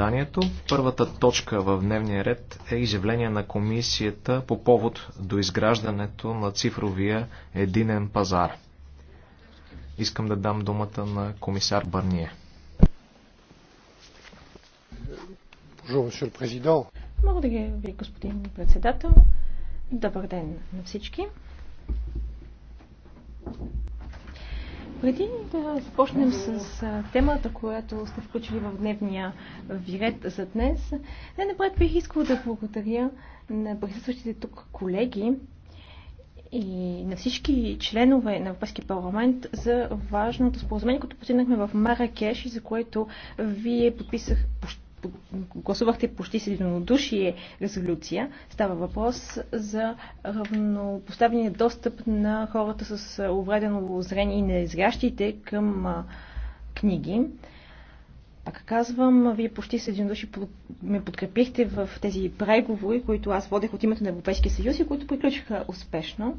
заседанието. Първата точка в дневния ред е изявление на комисията по повод до изграждането на цифровия единен пазар. Искам да дам думата на комисар Барние. Благодаря ви, господин председател. Добър ден на всички. Преди да започнем с темата, която сте включили в дневния вирет за днес, най-напред бих искала да благодаря на присъстващите тук колеги и на всички членове на Европейския парламент за важното споразумение, което постигнахме в Маракеш и за което вие подписах, гласувахте почти с единодушие резолюция. Става въпрос за равнопоставения достъп на хората с увредено зрение и незрящите към книги. Пак казвам, вие почти с един души ме подкрепихте в тези преговори, които аз водех от името на Европейския съюз и които приключиха успешно.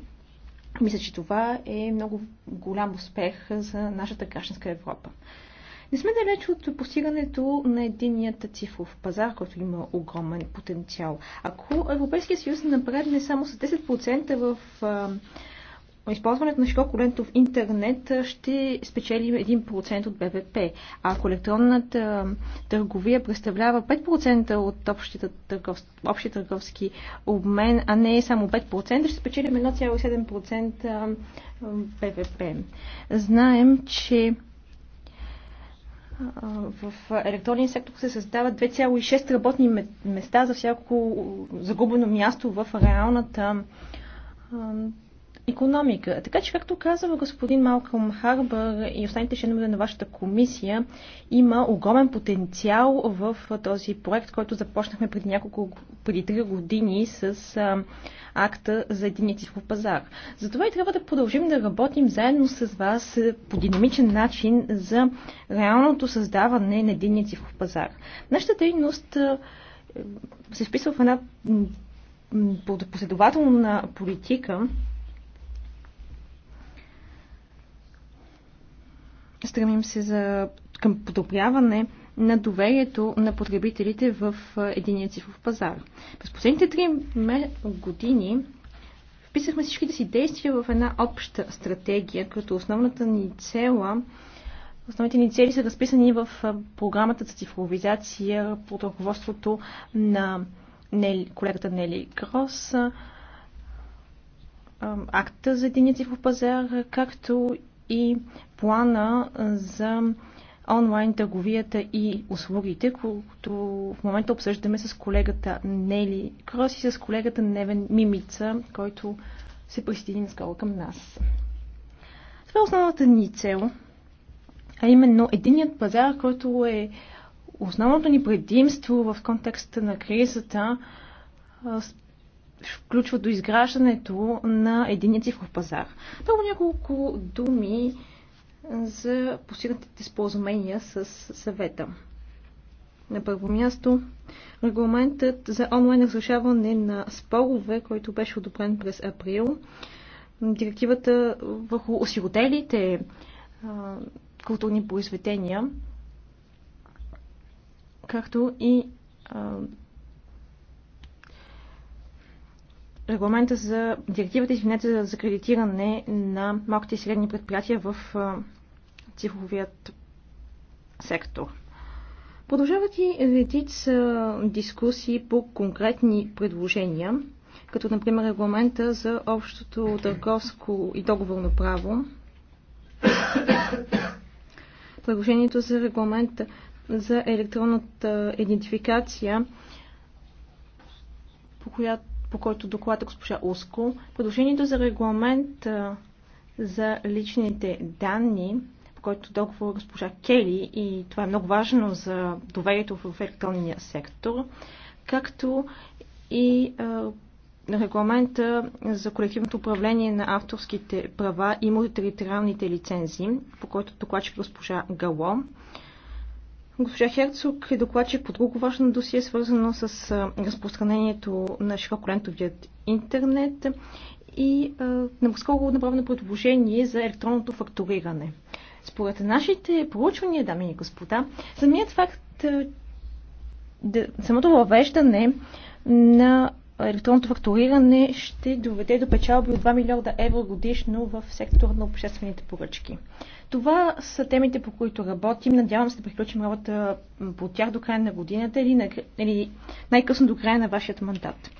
Мисля, че това е много голям успех за нашата гражданска Европа. Не сме далеч от постигането на единният цифров пазар, който има огромен потенциал. Ако Европейския съюз напредне само с 10% в използването на широколентов интернет ще спечелим 1% от БВП. А ако електронната търговия представлява 5% от общия търговски, търговски обмен, а не само 5%, ще спечелим 1,7% БВП. Знаем, че в електронния сектор се създават 2,6 работни места за всяко загубено място в реалната економика. Така че, както казва господин Малком Харбър и останалите членове на вашата комисия, има огромен потенциал в този проект, който започнахме преди няколко, преди три години с а, акта за единия цифров пазар. Затова и трябва да продължим да работим заедно с вас по динамичен начин за реалното създаване на единия цифров пазар. Нашата дейност се вписва в една последователна политика, стремим се за, към подобряване на доверието на потребителите в единия цифров пазар. През последните три години вписахме всичките си действия в една обща стратегия, като основната ни цела Основните ни цели са разписани в програмата за цифровизация под ръководството на колегата Нели Крос, акта за единия цифров пазар, както и плана за онлайн търговията и услугите, които в момента обсъждаме с колегата Нели Крос и с колегата Невен Мимица, който се присъедини наскоро към нас. Това е основната ни цел, а именно единият пазар, който е основното ни предимство в контекста на кризата, включва до изграждането на един цифров пазар. Първо няколко думи е, за постигнатите споразумения с съвета. На първо място регламентът за онлайн разрешаване на спорове, който беше одобрен през април, директивата върху осиротелите е, културни произведения, както и е, регламента за директивата, извинете, за кредитиране на малките и средни предприятия в цифровият сектор. Продължават и редица дискусии по конкретни предложения, като например регламента за общото търговско и договорно право, предложението за регламент за електронната идентификация, по която по който доклада госпожа Уско. Предложението за регламент за личните данни, по който договор госпожа Кели, и това е много важно за доверието в електронния сектор, както и регламента за колективното управление на авторските права и мултитериториалните лицензии, по който докладчик госпожа Гало. Госпожа Херцог е докладчик по друго важно досие, свързано с разпространението на широколентовият интернет и наскоро направено предложение за електронното фактуриране. Според нашите проучвания, дами и господа, самият факт, самото въвеждане на електронното фактуриране ще доведе до печалби от 2 милиарда евро годишно в сектора на обществените поръчки. Това са темите, по които работим. Надявам се да приключим работа по тях до края на годината или, на, или най-късно до края на вашият мандат.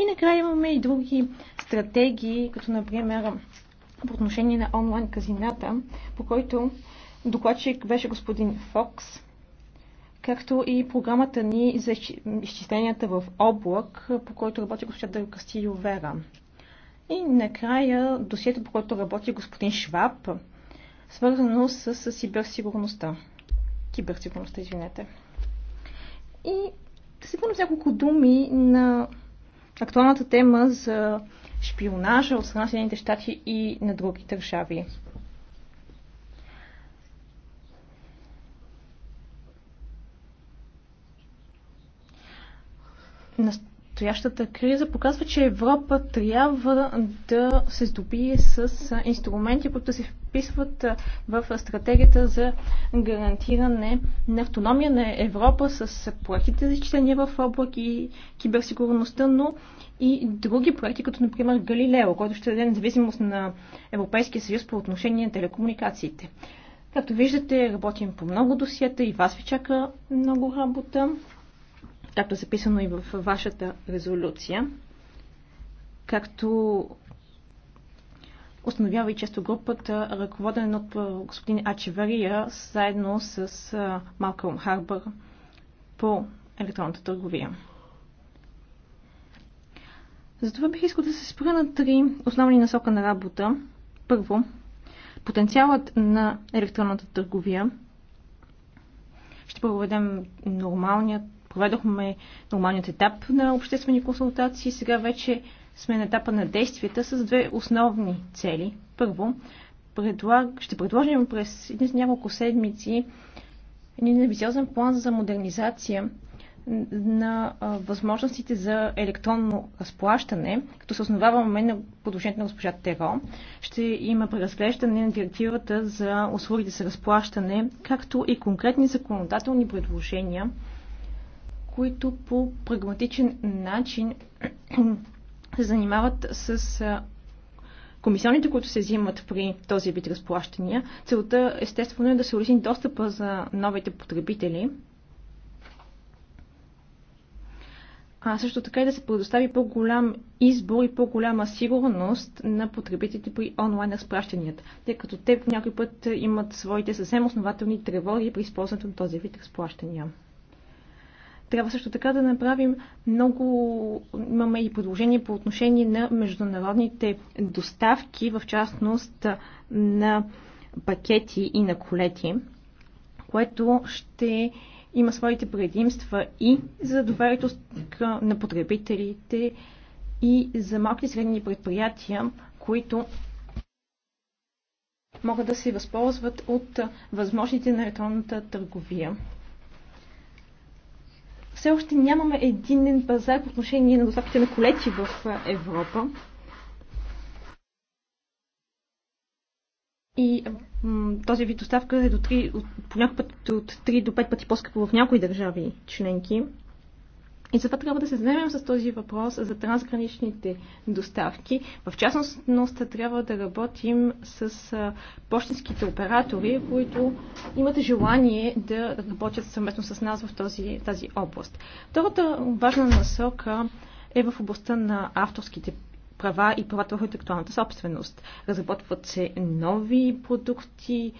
И накрая имаме и други стратегии, като например по отношение на онлайн казината, по който докладчик беше господин Фокс както и програмата ни за изчисленията в облак, по който работи госпожа Дел Кастио Вера. И накрая досието, по който работи господин Шваб, свързано с, с киберсигурността. Киберсигурността, извинете. И да се върнем няколко думи на актуалната тема за шпионажа от страна Съединените щати и на други държави. настоящата криза показва, че Европа трябва да се здобие с инструменти, които да се вписват в стратегията за гарантиране на автономия на Европа с проектите за чтения в облак и киберсигурността, но и други проекти, като например Галилео, който ще даде независимост на Европейския съюз по отношение на телекомуникациите. Както виждате, работим по много досиета и вас ви чака много работа както е записано и в вашата резолюция, както установява и често групата, ръководена от господин Ачевария, заедно с Малкълм Харбър по електронната търговия. Затова бих искал да се спра на три основни насока на работа. Първо, потенциалът на електронната търговия. Ще проведем нормалният проведохме нормалният етап на обществени консултации. Сега вече сме на етапа на действията с две основни цели. Първо, предлаг... ще предложим през няколко седмици един амбициозен план за модернизация на възможностите за електронно разплащане, като се основаваме на подложението на госпожа Теро. Ще има преразглеждане на директивата за услугите за разплащане, както и конкретни законодателни предложения които по прагматичен начин се занимават с комисионите, които се взимат при този вид разплащания. Целта естествено е да се улесни достъпа за новите потребители. А също така и да се предостави по-голям избор и по-голяма сигурност на потребителите при онлайн разплащанията, тъй като те някой път имат своите съвсем основателни тревоги при използването на този вид разплащания. Трябва също така да направим много, имаме и предложение по отношение на международните доставки, в частност на пакети и на колети, което ще има своите предимства и за доверието на потребителите и за малки и средни предприятия, които могат да се възползват от възможните на електронната търговия все още нямаме единен пазар по отношение на доставките на колети в Европа. И този вид доставка е до 3, от, понякога от 3 до 5 пъти по-скъпо в някои държави членки. И затова трябва да се заемем с този въпрос за трансграничните доставки. В частност, трябва да работим с почтенските оператори, които имат желание да работят съвместно с нас в този, тази област. Втората важна насока е в областта на авторските права и правата върху интелектуалната собственост. Разработват се нови продукти,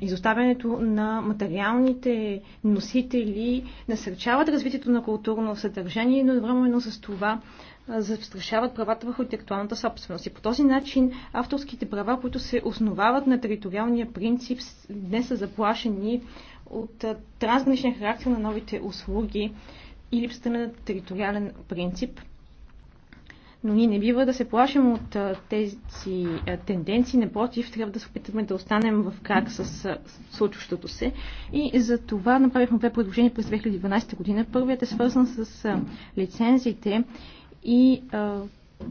изоставянето на материалните носители насърчават развитието на културно съдържание, но едновременно с това застрашават правата върху интелектуалната собственост. И по този начин авторските права, които се основават на териториалния принцип, днес са заплашени от трансграничния характер на новите услуги и липсата на териториален принцип – но ние не бива да се плашим от тези тенденции. Напротив, трябва да се опитаме да останем в крак с случващото се. И за това направихме две предложения през 2012 година. Първият е свързан с лицензиите и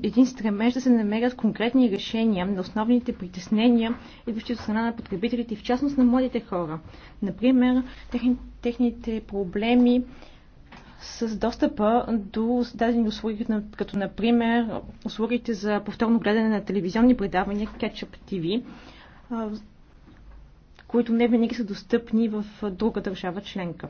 един стремеж да се намерят конкретни решения на основните притеснения, идващи от страна на потребителите и в частност на младите хора. Например, техните проблеми с достъпа до дадени услуги, като например услугите за повторно гледане на телевизионни предавания Ketchup TV, които не винаги са достъпни в друга държава членка.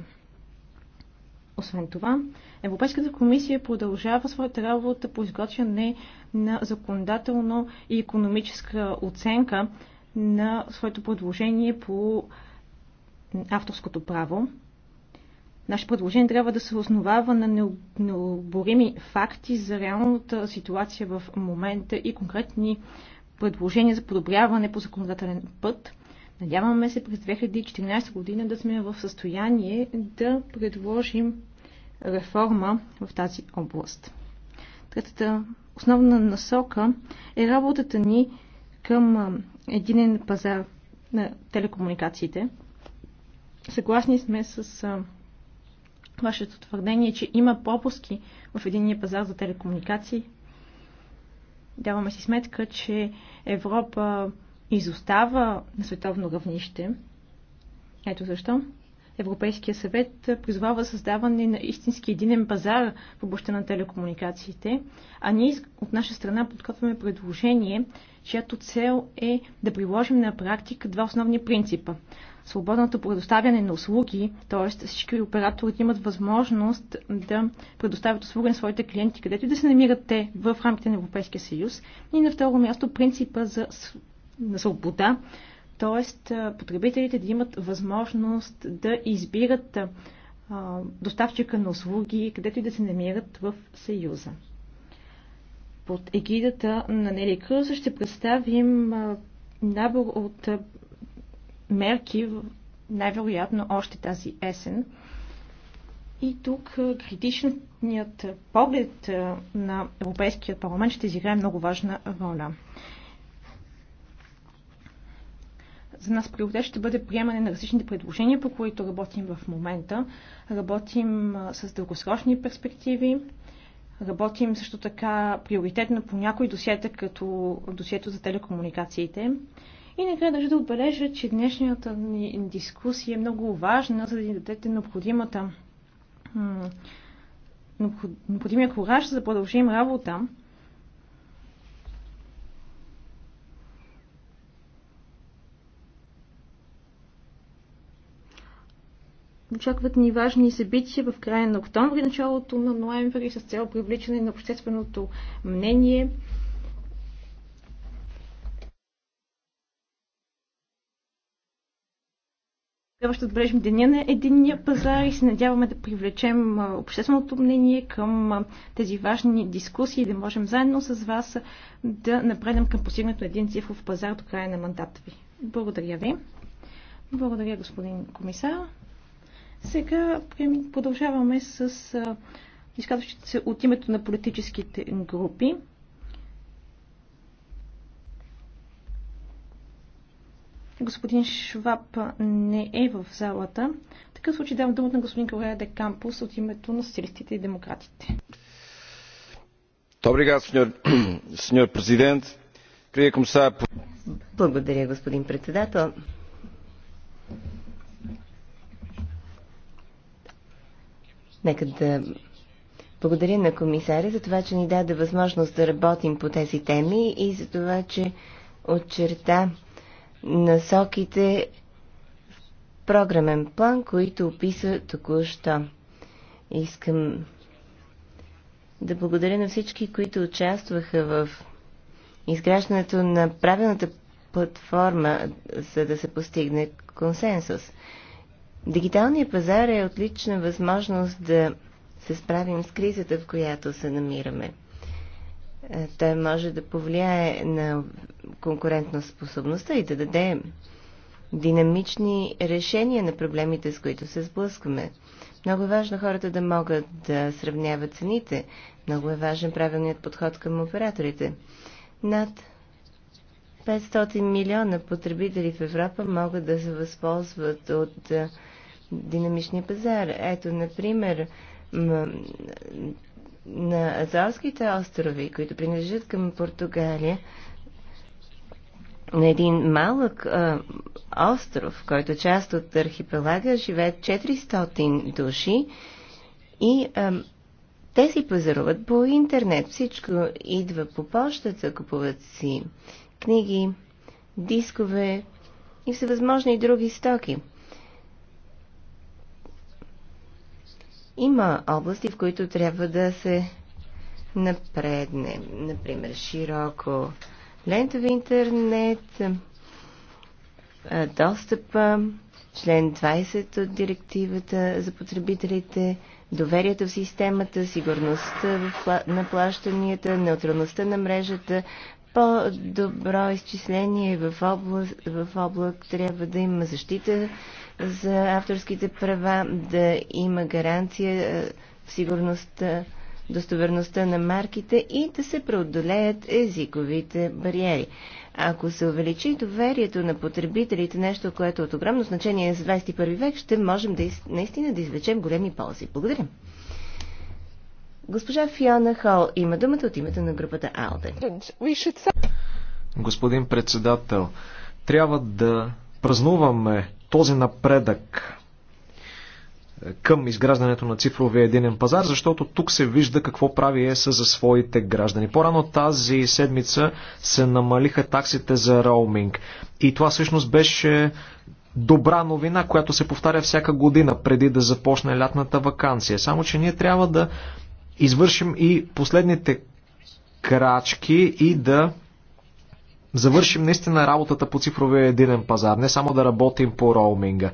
Освен това, Европейската комисия продължава своята работа по изготвяне на законодателно и економическа оценка на своето предложение по авторското право. Наше предложение трябва да се основава на необорими факти за реалната ситуация в момента и конкретни предложения за подобряване по законодателен път. Надяваме се през 2014 година да сме в състояние да предложим реформа в тази област. Третата основна насока е работата ни към единен пазар на телекомуникациите. Съгласни сме с вашето твърдение, че има пропуски в единния пазар за телекомуникации? Даваме си сметка, че Европа изостава на световно равнище. Ето защо Европейския съвет призвава създаване на истински единен пазар в областта на телекомуникациите, а ние от наша страна подготвяме предложение, чиято цел е да приложим на практика два основни принципа. Свободното предоставяне на услуги, т.е. всички оператори имат възможност да предоставят услуги на своите клиенти, където и да се намират те в рамките на Европейския съюз. И на второ място принципа за на свобода, т.е. потребителите да имат възможност да избират доставчика на услуги, където и да се намират в Съюза. Под егидата на Нели кръза ще представим набор от мерки, най-вероятно още тази есен. И тук критичният поглед на Европейския парламент ще изиграе много важна роля за нас приоритет ще бъде приемане на различните предложения, по които работим в момента. Работим с дългосрочни перспективи, работим също така приоритетно по някои досиета, като досието за телекомуникациите. И накрая държа да отбележа, че днешната ни дискусия е много важна, за да ни дадете необходимата необходимия кораж, за да продължим работа очакват ни важни събития в края на октомври, началото на ноември с цел привличане на общественото мнение. Трябва ще отбележим деня на единния пазар и се надяваме да привлечем общественото мнение към тези важни дискусии, да можем заедно с вас да напреднем към постигнато един цифров пазар до края на мандата ви. Благодаря ви. Благодаря, господин комисар. Сега продължаваме с а, изказващите се от името на политическите групи. Господин Шваб не е в залата. В такъв случай давам думата на господин Корея де Кампус от името на социалистите и демократите. Благодаря, господин председател. Нека да благодаря на комисаря за това, че ни даде възможност да работим по тези теми и за това, че очерта насоките в програмен план, които описа току-що. Искам да благодаря на всички, които участваха в изграждането на правилната платформа, за да се постигне консенсус. Дигиталният пазар е отлична възможност да се справим с кризата, в която се намираме. Е, той може да повлияе на конкурентоспособността и да даде динамични решения на проблемите, с които се сблъскваме. Много е важно хората да могат да сравняват цените. Много е важен правилният подход към операторите. Над 500 милиона потребители в Европа могат да се възползват от е, динамичния пазар. Ето, например, на Азорските острови, които принадлежат към Португалия, на един малък а, остров, който част от архипелага, живеят 400 души и а, те си пазаруват по интернет. Всичко идва по почтата, купуват си книги, дискове и всевъзможни други стоки. Има области, в които трябва да се напредне. Например, широко лентови интернет, достъпа, член 20 от директивата за потребителите, доверието в системата, сигурността на плащанията, неутралността на мрежата, по-добро изчисление в облак, в облак трябва да има защита за авторските права, да има гаранция е, в сигурността, е, достоверността на марките и да се преодолеят езиковите бариери. Ако се увеличи доверието на потребителите, нещо, което е от огромно значение за 21 век, ще можем да, наистина да извлечем големи ползи. Благодаря. Госпожа Фиана Хал, има думата от името на групата АЛДЕ. Господин председател, трябва да празнуваме този напредък към изграждането на цифровия единен пазар, защото тук се вижда какво прави ЕСА за своите граждани. По-рано тази седмица се намалиха таксите за роуминг. И това всъщност беше добра новина, която се повтаря всяка година преди да започне лятната вакансия. Само, че ние трябва да извършим и последните крачки и да завършим наистина работата по цифровия единен пазар, не само да работим по роуминга.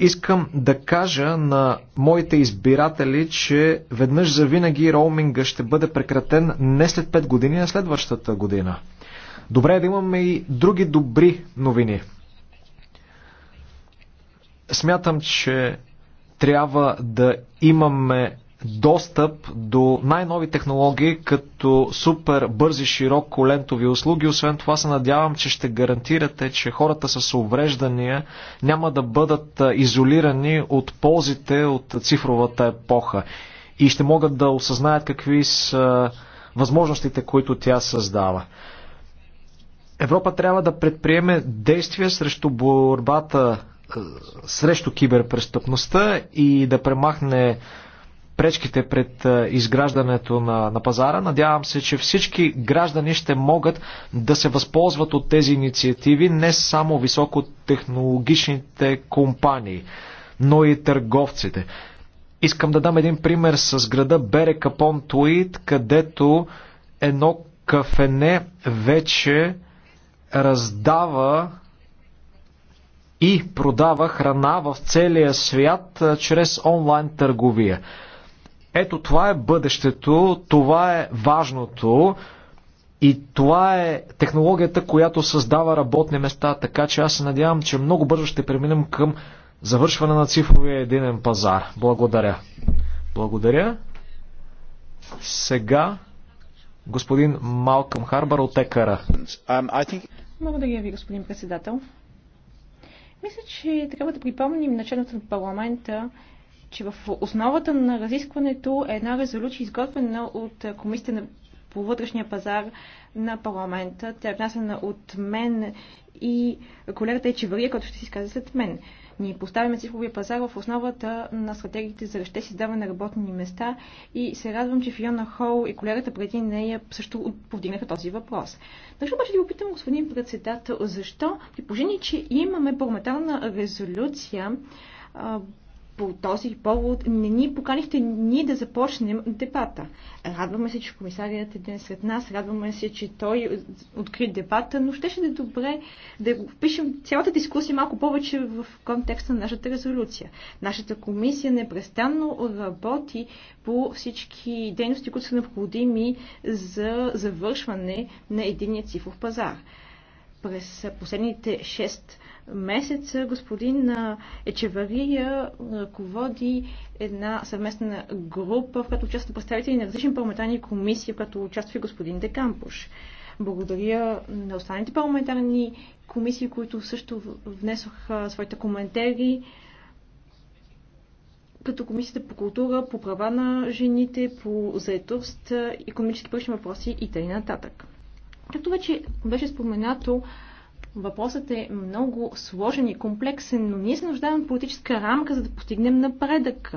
Искам да кажа на моите избиратели, че веднъж за винаги роуминга ще бъде прекратен не след 5 години, а следващата година. Добре е да имаме и други добри новини. Смятам, че трябва да имаме достъп до най-нови технологии, като супер бързи широко лентови услуги. Освен това се надявам, че ще гарантирате, че хората с увреждания няма да бъдат изолирани от ползите от цифровата епоха и ще могат да осъзнаят какви са възможностите, които тя създава. Европа трябва да предприеме действия срещу борбата е, срещу киберпрестъпността и да премахне пречките пред е, изграждането на, на пазара. Надявам се, че всички граждани ще могат да се възползват от тези инициативи, не само високотехнологичните компании, но и търговците. Искам да дам един пример с града Бере Капон Туит, където едно кафене вече раздава и продава храна в целия свят чрез онлайн търговия. Ето това е бъдещето, това е важното и това е технологията, която създава работни места, така че аз се надявам, че много бързо ще преминем към завършване на цифровия единен пазар. Благодаря. Благодаря. Сега господин Малкъм Харбър от Екара. Um, Благодаря ви, господин председател. Мисля, че трябва да припомним началото на парламента, че в основата на разискването е една резолюция, изготвена от Комисията на по вътрешния пазар на парламента. Тя е внасена от мен и колегата е, Чеврия, който ще си изказа след мен. Ние поставяме цифровия пазар в основата на стратегиите за ръще създаване на работни места и се радвам, че Фиона Хол и колегата преди нея също повдигнаха този въпрос. Нещо обаче да го питам, господин председател, защо при положение, че имаме парламентарна резолюция, по този повод не ни поканихте ние да започнем дебата. Радваме се, че комисарият е ден сред нас, радваме се, че той откри дебата, но ще ще е добре да го впишем цялата дискусия малко повече в контекста на нашата резолюция. Нашата комисия непрестанно работи по всички дейности, които са необходими за завършване на единия цифров пазар. През последните 6 месеца господин Ечевария ръководи една съвместна група, в която участват представители на различни парламентарни комисии, в която участва и господин Декампуш. Благодаря на останалите парламентарни комисии, които също внесоха своите коментари като Комисията по култура, по права на жените, по заетост, економически пръщни въпроси и т.н. нататък. Както вече беше споменато, въпросът е много сложен и комплексен, но ние се нуждаем от политическа рамка, за да постигнем напредък.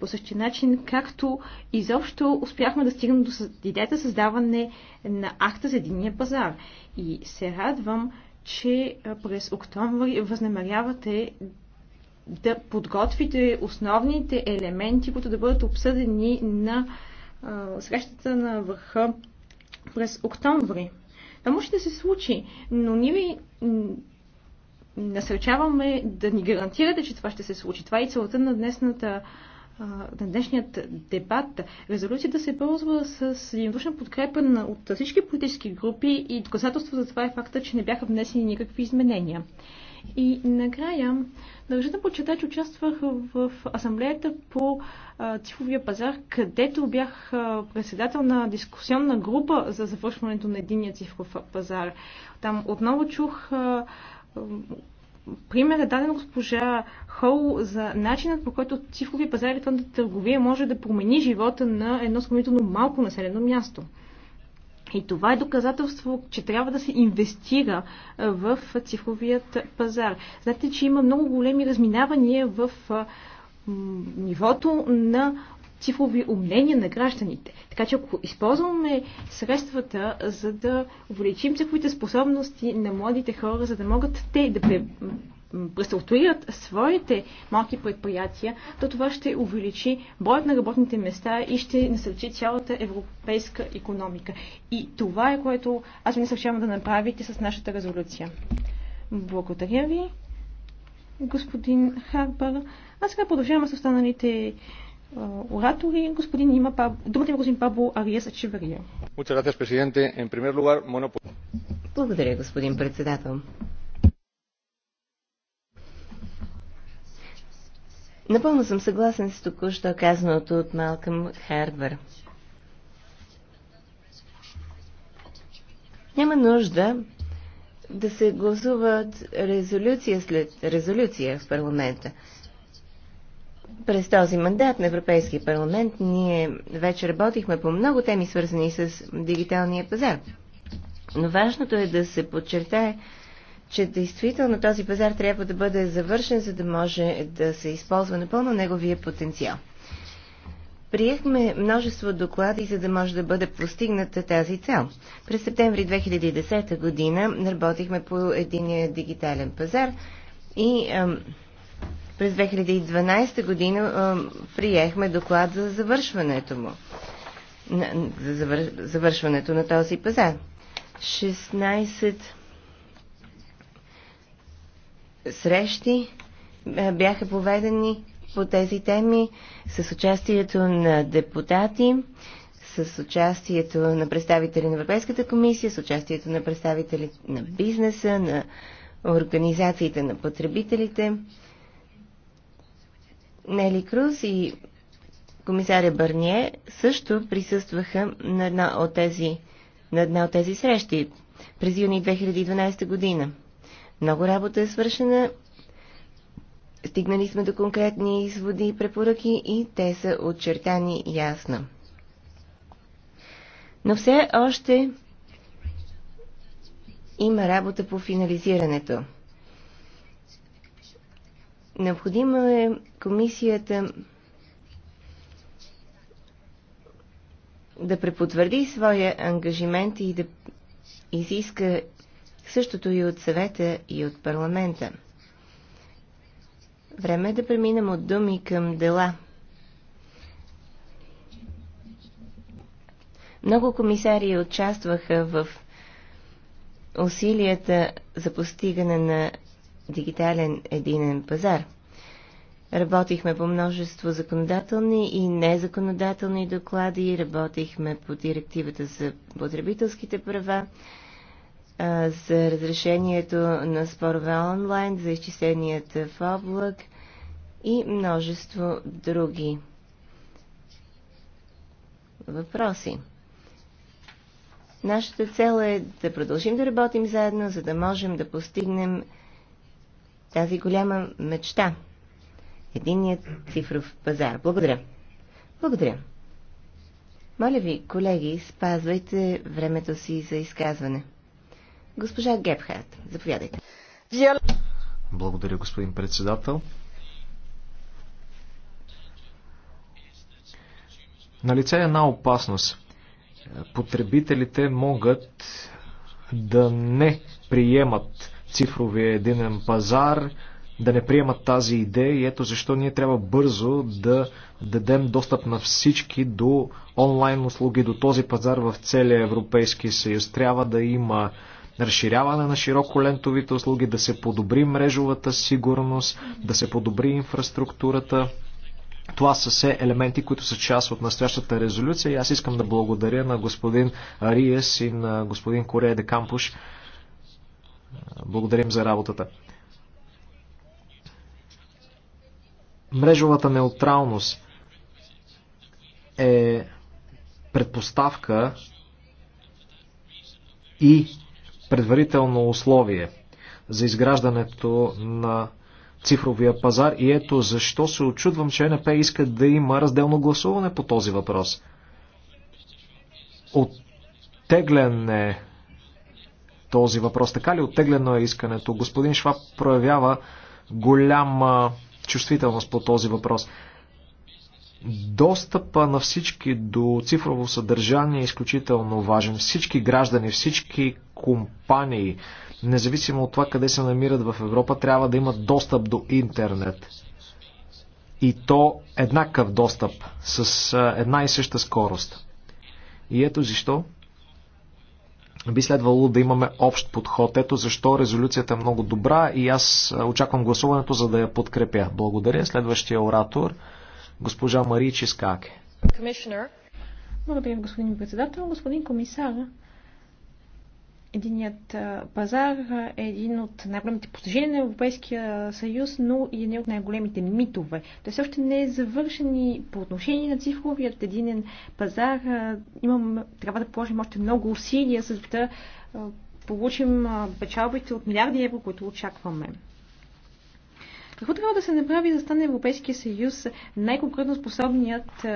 По същия начин, както изобщо успяхме да стигнем до идеята създаване на акта за единния пазар. И се радвам, че през октомври възнамерявате да подготвите основните елементи, които да бъдат обсъдени на срещата на върха през октомври. Това може да се случи, но ние ви насърчаваме да ни гарантирате, че това ще се случи. Това е и целта на днесната на днешният дебат. Резолюцията се ползва с единодушна подкрепа на, от всички политически групи и доказателство за това е факта, че не бяха внесени никакви изменения. И накрая, държа да почета, че участвах в асамблеята по цифровия пазар, където бях председател на дискусионна група за завършването на единия цифров пазар. Там отново чух пример е даден госпожа Хол за начинът по който цифрови пазар и търговия може да промени живота на едно сравнително малко населено място. И това е доказателство, че трябва да се инвестира в цифровият пазар. Знаете, че има много големи разминавания в нивото на цифрови умения на гражданите. Така че ако използваме средствата, за да увеличим цифровите способности на младите хора, за да могат те да преструктурират своите малки предприятия, то това ще увеличи броят на работните места и ще насърчи цялата европейска економика. И това е което аз ви насърчавам да направите с нашата резолюция. Благодаря ви, господин Харбър. А сега продължаваме с останалите оратори. Господин има Паб... Думата има господин Пабло Ариес Ачеверия. Благодаря, господин председател. Напълно съм съгласен с току-що казаното от Малкъм Харбър. Няма нужда да се гласуват резолюция след резолюция в парламента. През този мандат на Европейския парламент ние вече работихме по много теми, свързани с дигиталния пазар. Но важното е да се подчертае, че действително този пазар трябва да бъде завършен, за да може да се използва напълно неговия потенциал. Приехме множество доклади, за да може да бъде постигната тази цел. През септември 2010 година работихме по единия дигитален пазар и ам, през 2012 година ам, приехме доклад за завършването му. На, за завър, завършването на този пазар. 16 срещи бяха поведени по тези теми с участието на депутати, с участието на представители на Европейската комисия, с участието на представители на бизнеса, на организациите на потребителите. Нели Круз и комисаря Бърние също присъстваха на една от тези, на една от тези срещи през юни 2012 година. Много работа е свършена. Стигнали сме до конкретни изводи и препоръки и те са отчертани ясно. Но все още има работа по финализирането. Необходимо е комисията да препотвърди своя ангажимент и да изиска Същото и от съвета и от парламента. Време е да преминем от думи към дела. Много комисари участваха в усилията за постигане на дигитален единен пазар. Работихме по множество законодателни и незаконодателни доклади, работихме по директивата за потребителските права, за разрешението на спорове онлайн, за изчисленията в облак и множество други въпроси. Нашата цел е да продължим да работим заедно, за да можем да постигнем тази голяма мечта. Единият цифров пазар. Благодаря. Благодаря. Моля ви, колеги, спазвайте времето си за изказване. Госпожа Гепхарт. заповядайте. Благодаря, господин председател. На лице е една опасност. Потребителите могат да не приемат цифровия единен пазар, да не приемат тази идея и ето защо ние трябва бързо да дадем достъп на всички до онлайн услуги, до този пазар в целия Европейски съюз. Трябва да има разширяване на широколентовите услуги, да се подобри мрежовата сигурност, да се подобри инфраструктурата. Това са все елементи, които са част от настоящата резолюция и аз искам да благодаря на господин Ариес и на господин Корея де Кампуш. Благодарим за работата. Мрежовата неутралност е предпоставка и предварително условие за изграждането на цифровия пазар и ето защо се очудвам, че НП иска да има разделно гласуване по този въпрос. Оттеглен е този въпрос. Така ли оттеглено е искането? Господин Шваб проявява голяма чувствителност по този въпрос. Достъпа на всички до цифрово съдържание е изключително важен. Всички граждани, всички компании, независимо от това къде се намират в Европа, трябва да имат достъп до интернет. И то еднакъв достъп, с една и съща скорост. И ето защо би следвало да имаме общ подход. Ето защо резолюцията е много добра и аз очаквам гласуването, за да я подкрепя. Благодаря. Следващия оратор госпожа Мария Ческаке. Благодаря, господин председател. Господин комисар, Единият пазар е един от най-големите постижения на Европейския съюз, но и един от най-големите митове. Той все още не е завършен и по отношение на цифровият единен пазар. Имам, трябва да положим още много усилия, за да получим печалбите от милиарди евро, които очакваме. Какво трябва да се направи да стане Европейския съюз най-конкретно способният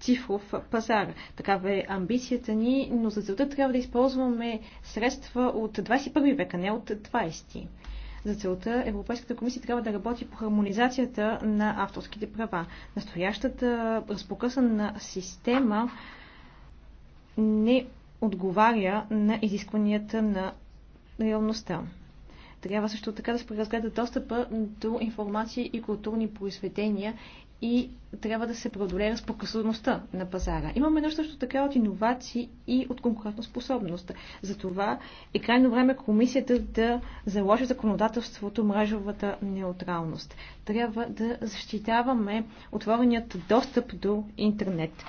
цифров пазар. Такава е амбицията ни, но за целта трябва да използваме средства от 21 века, не от 20. За целта Европейската комисия трябва да работи по хармонизацията на авторските права. Настоящата разпокъсана система не отговаря на изискванията на реалността. Трябва също така да се преразгледа достъпа до информация и културни произведения и трябва да се преодолее разпокъсността на пазара. Имаме нужда също така от иновации и от конкурентна способност. Затова е крайно време комисията да заложи законодателството мрежовата неутралност. Трябва да защитаваме отвореният достъп до интернет.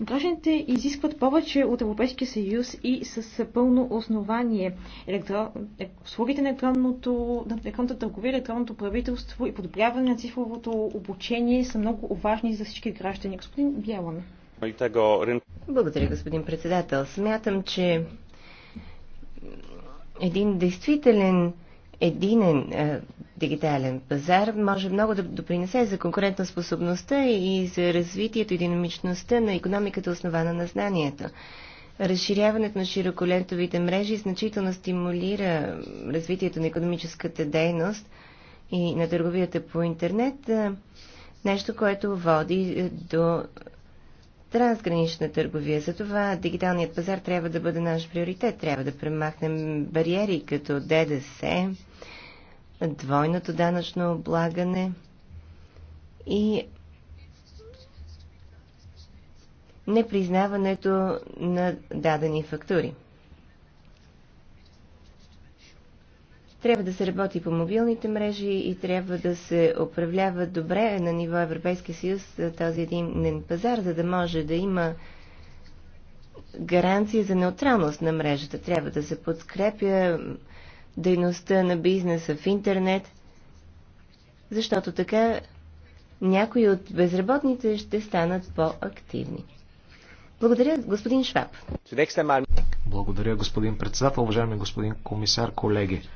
Гражданите изискват повече от Европейския съюз и с пълно основание. Електро... Е, услугите на електронната търговия, електронното правителство и подобряване на цифровото обучение са много важни за всички граждани. Господин Бялан. Благодаря, господин председател. Смятам, че един действителен единен е, дигитален пазар може много да допринесе за конкурентоспособността и за развитието и динамичността на економиката, основана на знанието. Разширяването на широколентовите мрежи значително стимулира развитието на економическата дейност и на търговията по интернет, нещо, което води до трансгранична търговия. Затова дигиталният пазар трябва да бъде наш приоритет. Трябва да премахнем бариери като ДДС, двойното данъчно облагане и непризнаването на дадени фактури. Трябва да се работи по мобилните мрежи и трябва да се управлява добре на ниво Европейския съюз този един пазар, за да може да има гаранция за неутралност на мрежата. Трябва да се подкрепя дейността на бизнеса в интернет, защото така някои от безработните ще станат по-активни. Благодаря, господин Шваб. Благодаря, господин председател, уважаеми господин комисар, колеги.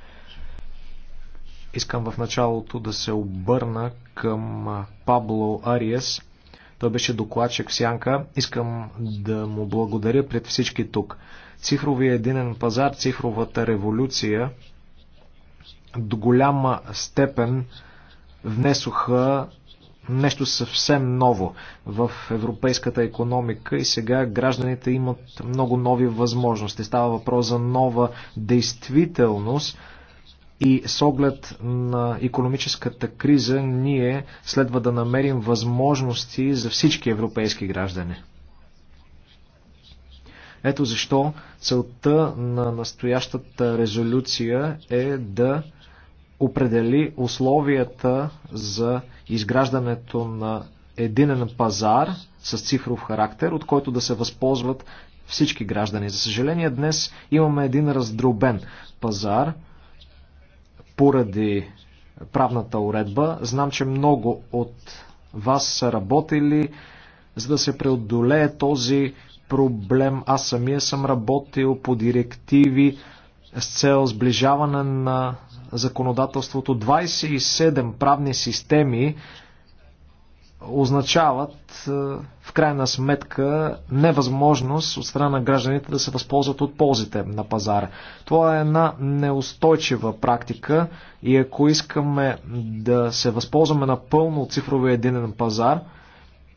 Искам в началото да се обърна към Пабло Ариес. Той беше докладчик в Сянка. Искам да му благодаря пред всички тук цифровия единен пазар, цифровата революция до голяма степен внесоха нещо съвсем ново в европейската економика и сега гражданите имат много нови възможности. Става въпрос за нова действителност и с оглед на економическата криза ние следва да намерим възможности за всички европейски граждани. Ето защо целта на настоящата резолюция е да определи условията за изграждането на единен пазар с цифров характер, от който да се възползват всички граждани. За съжаление, днес имаме един раздробен пазар поради правната уредба. Знам, че много от вас са работили за да се преодолее този проблем. Аз самия съм работил по директиви с цел сближаване на законодателството. 27 правни системи означават е, в крайна сметка невъзможност от страна на гражданите да се възползват от ползите на пазара. Това е една неустойчива практика и ако искаме да се възползваме напълно от цифровия единен пазар,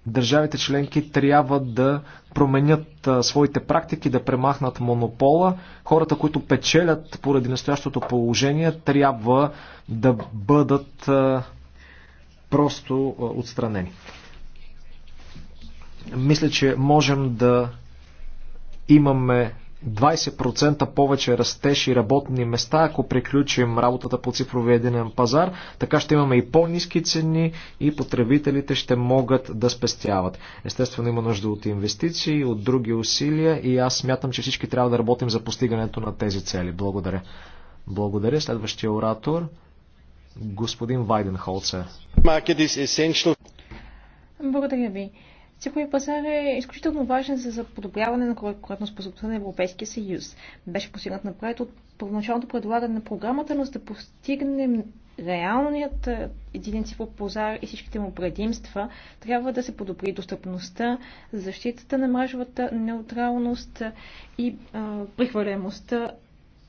държавите членки трябва да променят а, своите практики, да премахнат монопола. Хората, които печелят поради настоящото положение, трябва да бъдат а, просто а, отстранени. Мисля, че можем да имаме 20% повече растеж и работни места, ако приключим работата по цифровия единен пазар, така ще имаме и по-низки цени и потребителите ще могат да спестяват. Естествено има нужда от инвестиции, от други усилия и аз смятам, че всички трябва да работим за постигането на тези цели. Благодаря. Благодаря. Следващия оратор господин Вайденхолцер. Благодаря ви. Цифровия пазар е изключително важен за, за подобряване на конкурентоспособността на Европейския съюз. Беше постигнат напред от първоначалното предлагане на програмата, но за да постигнем реалният е, един цифров пазар и всичките му предимства, трябва да се подобри достъпността, защитата на мрежовата неутралност и а, е, прехвърляемостта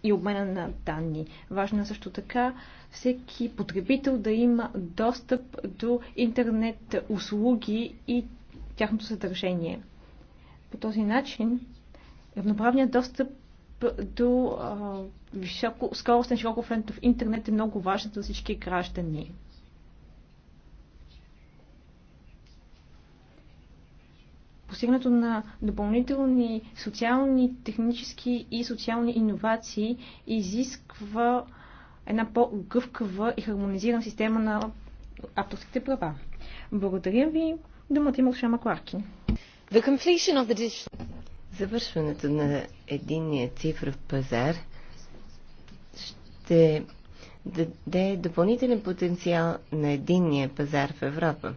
и обмена на данни. Важно е също така всеки потребител да има достъп до интернет услуги и тяхното съдържание. По този начин равноправният достъп до а, високо, скоростен широкофронтов интернет е много важен за всички граждани. Постигнато на допълнителни социални, технически и социални иновации изисква една по-гъвкава и хармонизирана система на авторските права. Благодаря ви. Думата има Шама Макларкин. Завършването на единния цифров пазар ще даде допълнителен потенциал на единния пазар в Европа.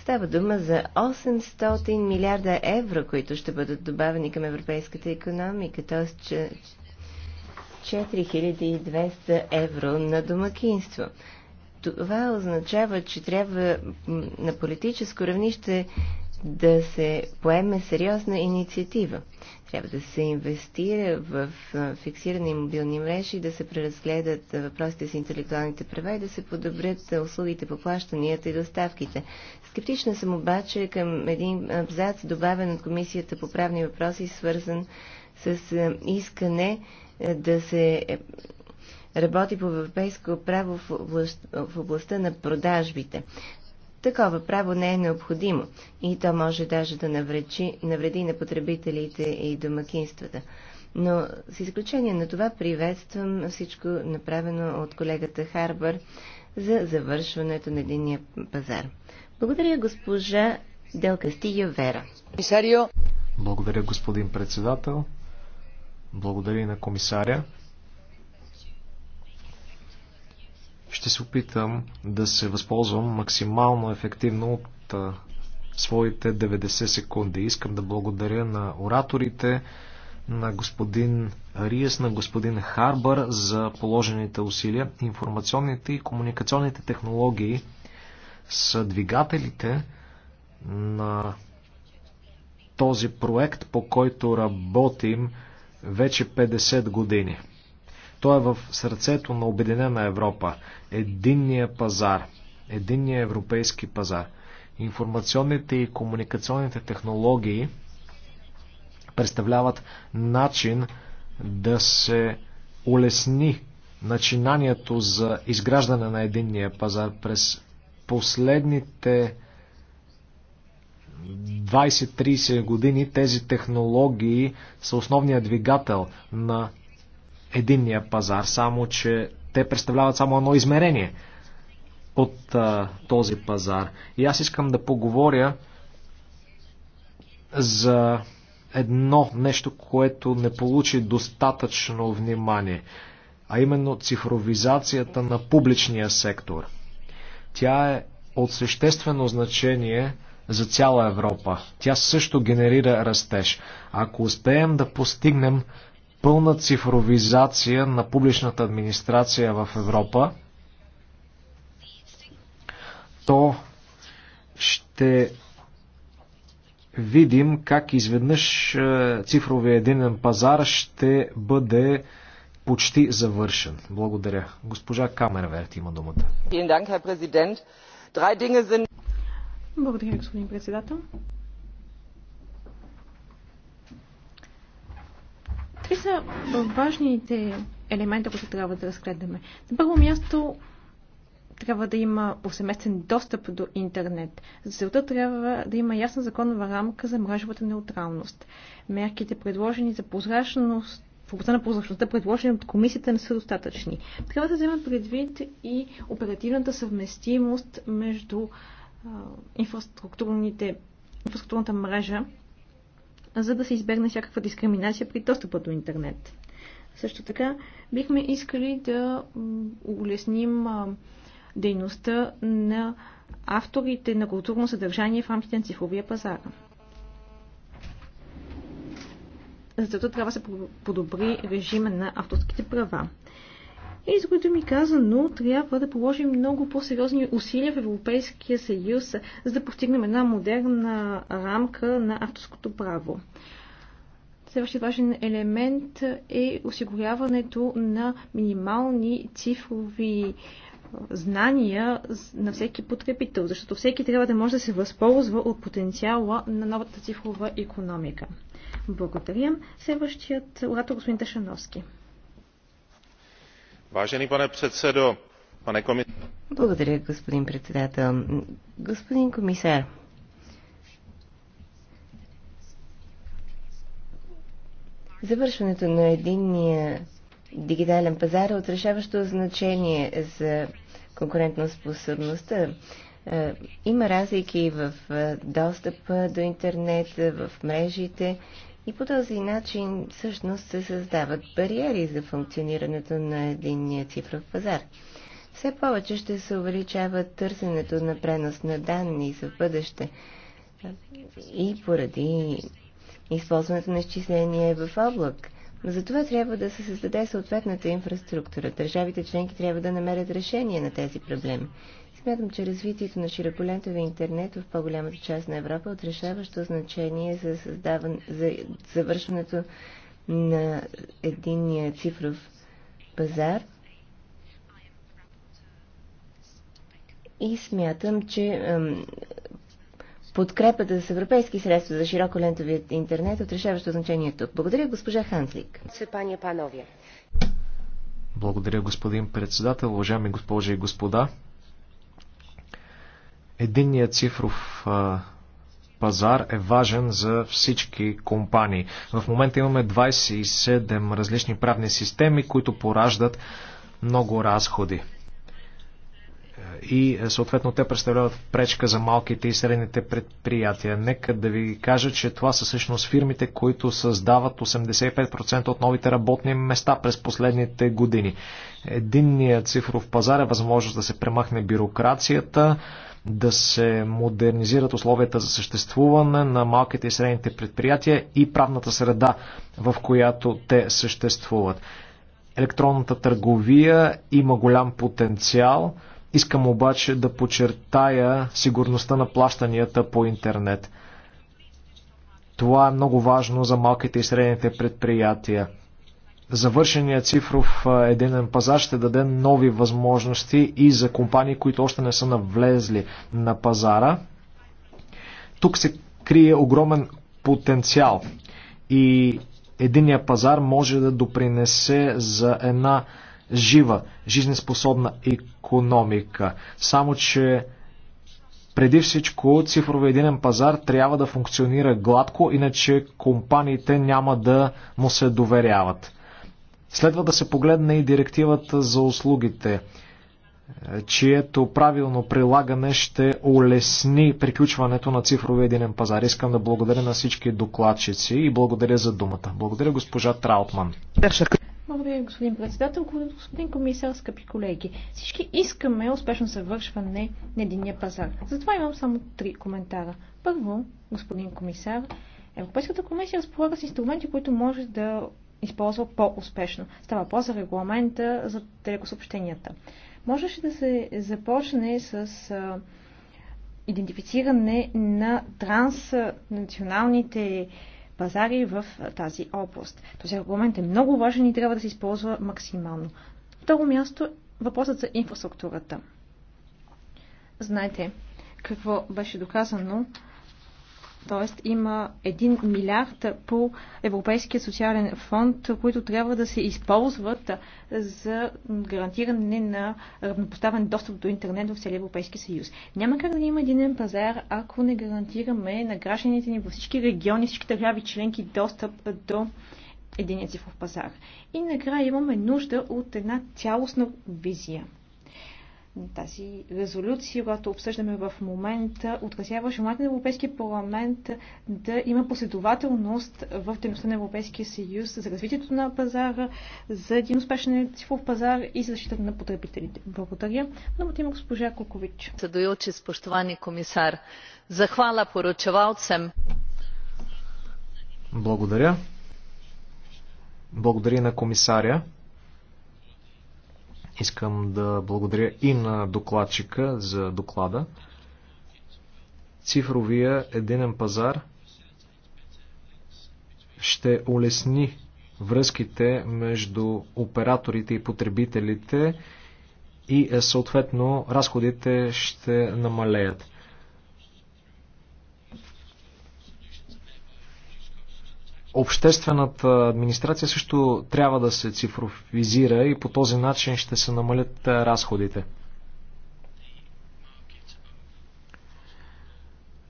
Става дума за 800 милиарда евро, които ще бъдат добавени към европейската економика, т.е. 4200 евро на домакинство. Това означава, че трябва на политическо равнище да се поеме сериозна инициатива. Трябва да се инвестира в фиксирани мобилни мрежи, да се преразгледат въпросите с интелектуалните права и да се подобрят услугите по плащанията и доставките. Скептична съм обаче към един абзац, добавен от Комисията по правни въпроси, свързан с искане да се работи по европейско право в, област, в областта на продажбите. Такова право не е необходимо и то може даже да навречи, навреди на потребителите и домакинствата. Но с изключение на това приветствам всичко направено от колегата Харбър за завършването на единия пазар. Благодаря госпожа Дел Кастио Вера. Благодаря господин председател. Благодаря и на комисаря. Ще се опитам да се възползвам максимално ефективно от а, своите 90 секунди. Искам да благодаря на ораторите, на господин Риес, на господин Харбър за положените усилия. Информационните и комуникационните технологии са двигателите на този проект, по който работим вече 50 години. Той е в сърцето на Обединена Европа. Единния пазар. Единния европейски пазар. Информационните и комуникационните технологии представляват начин да се улесни начинанието за изграждане на единния пазар през последните 20-30 години тези технологии са основният двигател на единния пазар, само че те представляват само едно измерение от а, този пазар. И аз искам да поговоря за едно нещо, което не получи достатъчно внимание, а именно цифровизацията на публичния сектор. Тя е от съществено значение за цяла Европа. Тя също генерира растеж. Ако успеем да постигнем пълна цифровизация на публичната администрация в Европа, то ще видим как изведнъж е, цифровия единен пазар ще бъде почти завършен. Благодаря. Госпожа Камерверт има думата. Благодаря, господин председател. Какви са важните елементи, които трябва да разгледаме? На първо място трябва да има повсеместен достъп до интернет. За целта трябва да има ясна законова рамка за мрежовата неутралност. Мерките, предложени за прозрачност, в областта на прозрачността, предложени от комисията, не са достатъчни. Трябва да вземем предвид и оперативната съвместимост между инфраструктурните, инфраструктурната мрежа за да се избегне всякаква дискриминация при достъпа до интернет. Също така бихме искали да улесним дейността на авторите на културно съдържание в рамките на цифровия пазар. За това трябва да се подобри режима на авторските права. И с което ми каза, но трябва да положим много по-сериозни усилия в Европейския съюз, за да постигнем една модерна рамка на авторското право. Следващия важен елемент е осигуряването на минимални цифрови знания на всеки потребител, защото всеки трябва да може да се възползва от потенциала на новата цифрова економика. Благодаря. Следващият оратор господин Ташановски. Благодаря, господин председател. Господин комисар, завършването на единния дигитален пазар е от решаващо значение за способността. Е, има разлики в е, достъпа до интернет, в мрежите и по този начин всъщност се създават бариери за функционирането на единния цифров пазар. Все повече ще се увеличава търсенето на пренос на данни за бъдеще и поради използването на изчисления в облак. Затова трябва да се създаде съответната инфраструктура. Държавите членки трябва да намерят решение на тези проблеми. Смятам, че развитието на широколентови интернет в по-голямата част на Европа е отрешаващо значение за, създаван, за завършването на единния цифров пазар. И смятам, че подкрепата с европейски средства за широколентовия интернет е отрешаващо значение тук. Благодаря, госпожа Ханслик. Благодаря, господин председател, уважаеми госпожи и господа. Единният цифров пазар е важен за всички компании. В момента имаме 27 различни правни системи, които пораждат много разходи. И е, съответно те представляват пречка за малките и средните предприятия. Нека да ви кажа, че това са всъщност фирмите, които създават 85% от новите работни места през последните години. Единният цифров пазар е възможност да се премахне бюрокрацията, да се модернизират условията за съществуване на малките и средните предприятия и правната среда, в която те съществуват. Електронната търговия има голям потенциал. Искам обаче да подчертая сигурността на плащанията по интернет. Това е много важно за малките и средните предприятия завършеният цифров единен пазар ще даде нови възможности и за компании, които още не са навлезли на пазара. Тук се крие огромен потенциал и единия пазар може да допринесе за една жива, жизнеспособна економика. Само, че преди всичко цифровия единен пазар трябва да функционира гладко, иначе компаниите няма да му се доверяват. Следва да се погледне и директивата за услугите, чието правилно прилагане ще улесни приключването на цифрови единен пазар. Искам да благодаря на всички докладчици и благодаря за думата. Благодаря госпожа Траутман. Благодаря, господин председател, господин комисар, скъпи колеги. Всички искаме успешно завършване на единния пазар. Затова имам само три коментара. Първо, господин комисар, Европейската комисия разполага с инструменти, които може да използва по-успешно. Става въпрос за регламента за телекосъобщенията. Можеше да се започне с идентифициране на транснационалните пазари в тази област. Този регламент е много важен и трябва да се използва максимално. Второ място въпросът за инфраструктурата. Знаете какво беше доказано т.е. има 1 милиард по Европейския социален фонд, които трябва да се използват за гарантиране на равнопоставен достъп до интернет в целия Европейски съюз. Няма как да има един пазар, ако не гарантираме на гражданите ни във всички региони, всички държави членки достъп до единия цифров пазар. И накрая имаме нужда от една цялостна визия. Тази резолюция, която обсъждаме в момента, отразява желанието на Европейския парламент да има последователност в дейността на Европейския съюз за развитието на пазара, за един успешен цифров пазар и за защита на потребителите. Благодаря. Но от има госпожа Кокович. Съдуючи, спощовани комисар, захвала поручевалцем. Благодаря. Благодаря на комисаря. Искам да благодаря и на докладчика за доклада. Цифровия единен пазар ще улесни връзките между операторите и потребителите и е, съответно разходите ще намалеят. Обществената администрация също трябва да се цифровизира и по този начин ще се намалят разходите.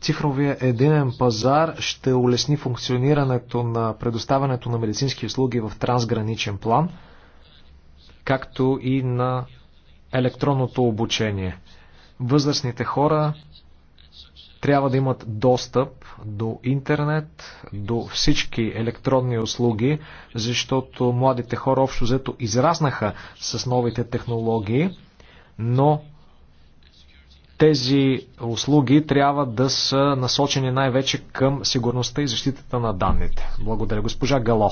Цифровия единен пазар ще улесни функционирането на предоставянето на медицински услуги в трансграничен план, както и на електронното обучение. Възрастните хора трябва да имат достъп до интернет, до всички електронни услуги, защото младите хора общо взето израснаха с новите технологии, но тези услуги трябва да са насочени най-вече към сигурността и защитата на данните. Благодаря, госпожа Гало.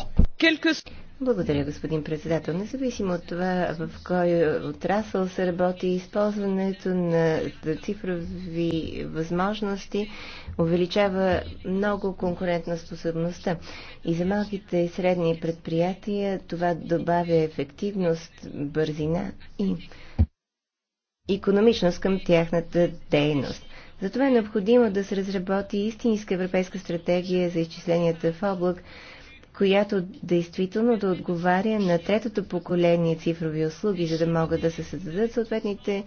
Благодаря, господин председател. Независимо от това в кой отрасъл се работи, използването на цифрови възможности увеличава много конкурентна способността. И за малките и средни предприятия това добавя ефективност, бързина и економичност към тяхната дейност. Затова е необходимо да се разработи истинска европейска стратегия за изчисленията в облак, която действително да отговаря на третото поколение цифрови услуги, за да могат да се създадат съответните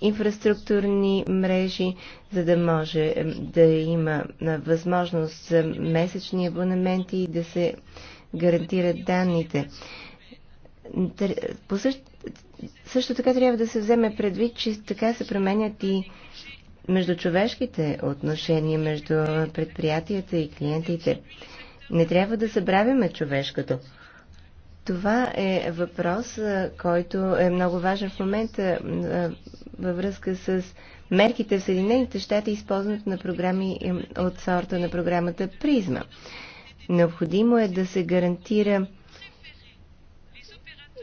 инфраструктурни мрежи, за да може да има е, възможност за месечни абонаменти и да се гарантират данните. По същ... Също така трябва да се вземе предвид, че така се променят и междучовешките отношения между предприятията и клиентите. Не трябва да забравяме човешкото. Това е въпрос, който е много важен в момента във връзка с мерките в Съединените щати използването на програми от сорта на програмата Призма. Необходимо е да се гарантира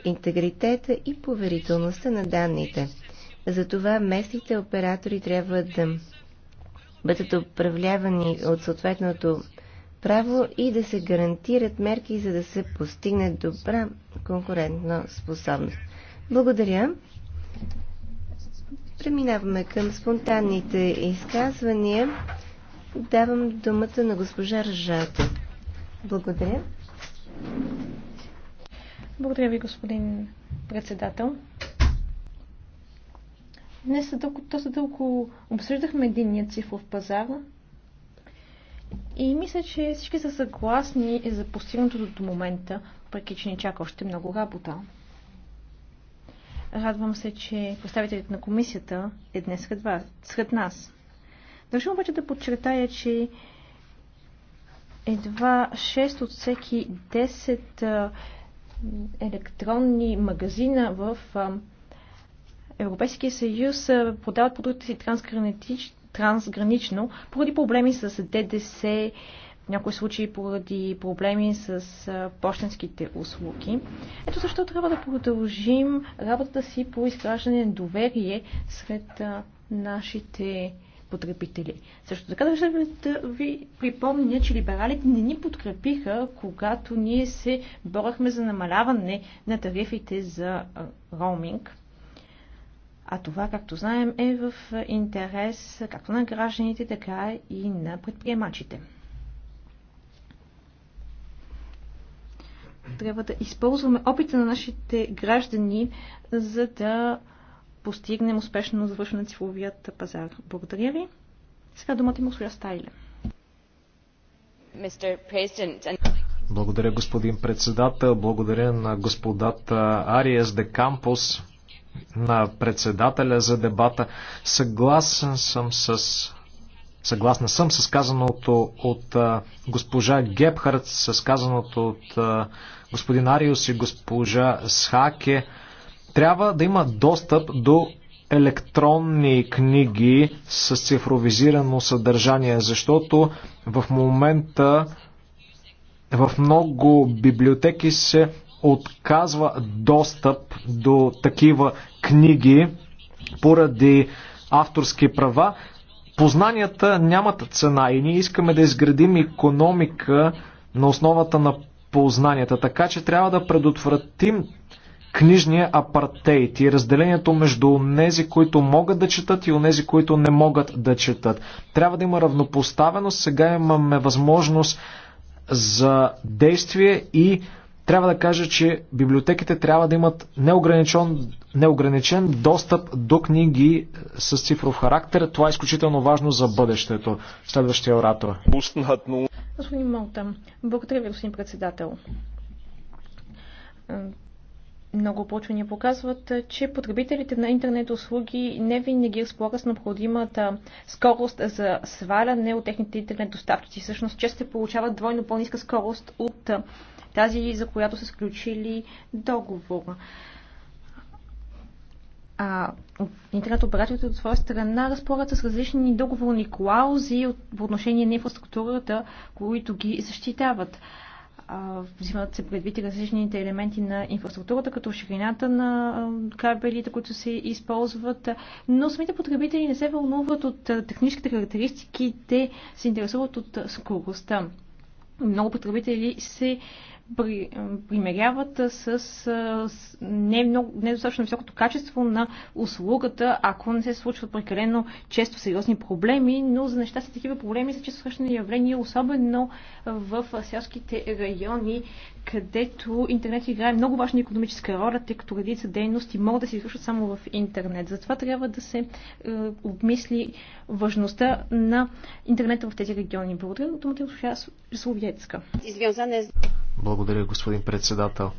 интегритета и поверителността на данните. Затова местните оператори трябва да бъдат управлявани от съответното право и да се гарантират мерки, за да се постигне добра конкурентна способност. Благодаря. Преминаваме към спонтанните изказвания. Давам думата на госпожа Ржато. Благодаря. Благодаря ви, господин председател. Днес доста дълго обсъждахме единния цифров пазар и мисля, че всички са съгласни за постигнатото до момента, въпреки че ни чака още много работа. Радвам се, че представителят на комисията е днес сред, вас, сред нас. Държам обаче да подчертая, че едва 6 от всеки 10 електронни магазина в Европейския съюз продават продукти си трансгранично поради проблеми с ДДС, в някои случаи поради проблеми с почтенските услуги. Ето защо трябва да продължим работата си по изграждане на доверие сред нашите потребители. Също така държа да ви припомня, че либералите не ни подкрепиха, когато ние се борахме за намаляване на тарифите за роуминг. А това, както знаем, е в интерес както на гражданите, така и на предприемачите. Трябва да използваме опита на нашите граждани, за да постигнем успешно завършване на цифровият пазар. Благодаря ви. Сега думата има госпожа Стайле. Благодаря, господин председател. Благодаря на господата Ариес де Кампус, на председателя за дебата. Съгласен съм с Съгласна съм с казаното от а, госпожа Гепхард, с казаното от а, господин Ариус и госпожа Схаке. Трябва да има достъп до електронни книги с цифровизирано съдържание, защото в момента в много библиотеки се отказва достъп до такива книги поради авторски права. Познанията нямат цена и ние искаме да изградим економика на основата на познанията, така че трябва да предотвратим книжния апартейт и разделението между нези, които могат да четат и онези, които не могат да четат. Трябва да има равнопоставеност. Сега имаме възможност за действие и трябва да кажа, че библиотеките трябва да имат неограничен, неограничен достъп до книги с цифров характер. Това е изключително важно за бъдещето. Следващия оратор. Господин Молтам, благодаря ви, господин председател много опочвания показват, че потребителите на интернет услуги не винаги разполагат с необходимата скорост за сваляне от техните интернет доставчици. Всъщност, често се получават двойно по-ниска скорост от тази, за която са сключили договора. А, интернет операторите от своя страна разполагат с различни договорни клаузи от, по отношение на инфраструктурата, които ги защитават взимат се предвид и различните елементи на инфраструктурата, като ширината на кабелите, които се използват, но самите потребители не се вълнуват от техническите характеристики, те се интересуват от скоростта много потребители се при, примеряват с, с не, много, не достатъчно високото качество на услугата, ако не се случват прекалено често сериозни проблеми, но за неща са такива проблеми са често срещани явления, особено в селските райони, където интернет играе много важна економическа роля, тъй като редица дейности могат да се извършват само в интернет. Затова трябва да се е, обмисли важността на интернета в тези региони. Благодаря, думата госпожа Словецка. Благодаря, господин председател.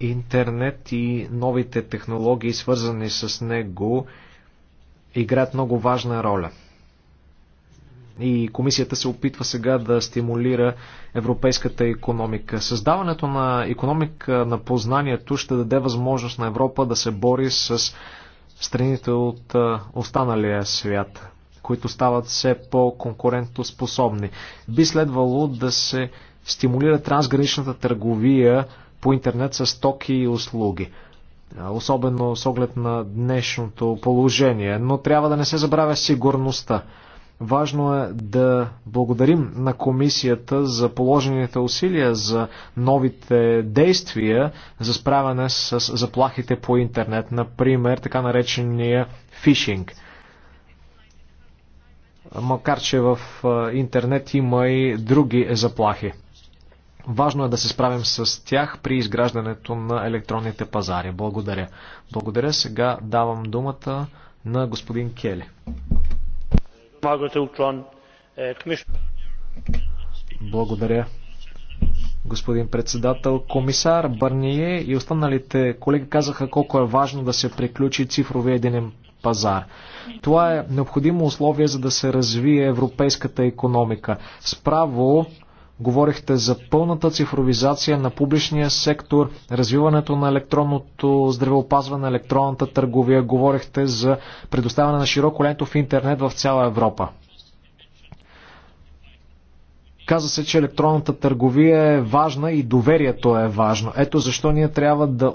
Интернет и новите технологии, свързани с него, играят много важна роля и комисията се опитва сега да стимулира европейската економика. Създаването на економика на познанието ще даде възможност на Европа да се бори с страните от останалия свят, които стават все по-конкурентоспособни. Би следвало да се стимулира трансграничната търговия по интернет с стоки и услуги особено с оглед на днешното положение, но трябва да не се забравя сигурността. Важно е да благодарим на комисията за положените усилия, за новите действия за справяне с заплахите по интернет, например така наречения фишинг. Макар, че в интернет има и други заплахи. Важно е да се справим с тях при изграждането на електронните пазари. Благодаря. Благодаря. Сега давам думата на господин Кели. Е, Благодаря. Господин председател, комисар Бърние и останалите колеги казаха колко е важно да се приключи цифровия единен пазар. Това е необходимо условие за да се развие европейската економика. Справо Говорихте за пълната цифровизация на публичния сектор, развиването на електронното здравеопазване, електронната търговия. Говорихте за предоставяне на широко лентов интернет в цяла Европа. Каза се, че електронната търговия е важна и доверието е важно. Ето защо ние трябва да